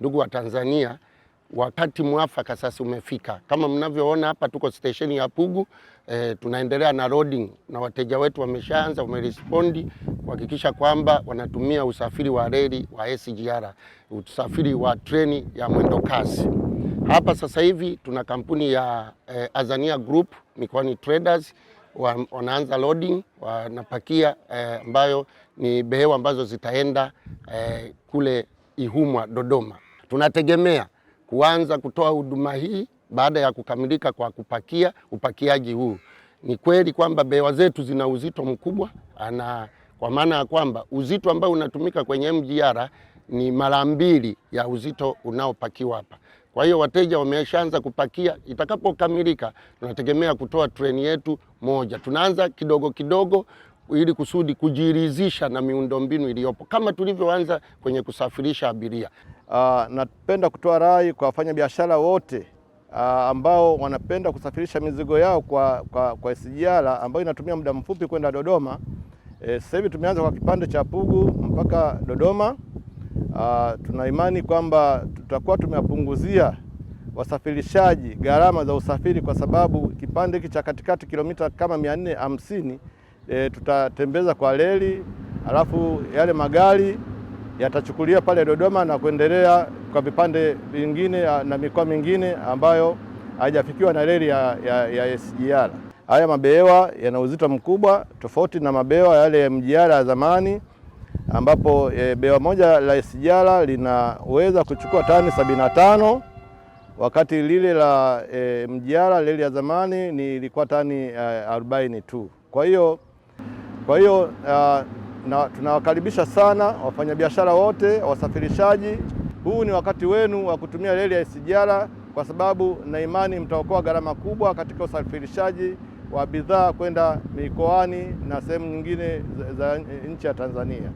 Ndugu wa Tanzania, wakati mwafaka sasa umefika. Kama mnavyoona hapa, tuko stesheni ya Pugu e, tunaendelea na loading na wateja wetu wameshaanza, wamerespondi kuhakikisha kwamba wanatumia usafiri wa reli wa SGR, usafiri wa treni ya mwendo kasi. Hapa sasa hivi tuna kampuni ya e, Azania Group mikoani Traders wa, wanaanza loading wanapakia eh, ambayo ni behewa ambazo zitaenda e, kule Ihumwa Dodoma. Tunategemea kuanza kutoa huduma hii baada ya kukamilika kwa kupakia upakiaji huu. Ni kweli kwamba bewa zetu zina uzito mkubwa ana, kwa maana ya kwamba uzito ambao unatumika kwenye MGR ni mara mbili ya uzito unaopakiwa hapa. Kwa hiyo wateja wameshaanza kupakia, itakapokamilika tunategemea kutoa treni yetu moja. Tunaanza kidogo kidogo ili kusudi kujiridhisha na miundombinu iliyopo kama tulivyoanza kwenye kusafirisha abiria. Uh, napenda kutoa rai kwa wafanyabiashara wote uh, ambao wanapenda kusafirisha mizigo yao kwa, kwa, kwa SGR ambayo inatumia muda mfupi kwenda Dodoma. E, sasa hivi tumeanza kwa kipande cha Pugu mpaka Dodoma. Uh, tuna imani kwamba tutakuwa tumewapunguzia wasafirishaji gharama za usafiri kwa sababu kipande hiki cha katikati kilomita kama hamsini e, tutatembeza kwa reli alafu yale magari yatachukulia pale Dodoma na kuendelea kwa vipande vingine ah, na mikoa mingine ambayo haijafikiwa na reli ya, ya, ya SGR. Haya mabehewa yana uzito mkubwa tofauti na mabehewa yale ya MGR ya zamani ambapo e, bewa moja la SGR linaweza kuchukua tani 75 wakati lile la e, MGR lile ya zamani ni ilikuwa tani 40 eh, tu. Kwa hiyo kwa hiyo ah, tunawakaribisha sana wafanyabiashara wote, wasafirishaji. Huu ni wakati wenu wa kutumia reli ya SGR kwa sababu na imani mtaokoa gharama kubwa katika usafirishaji wa bidhaa kwenda mikoani na sehemu nyingine za nchi ya Tanzania.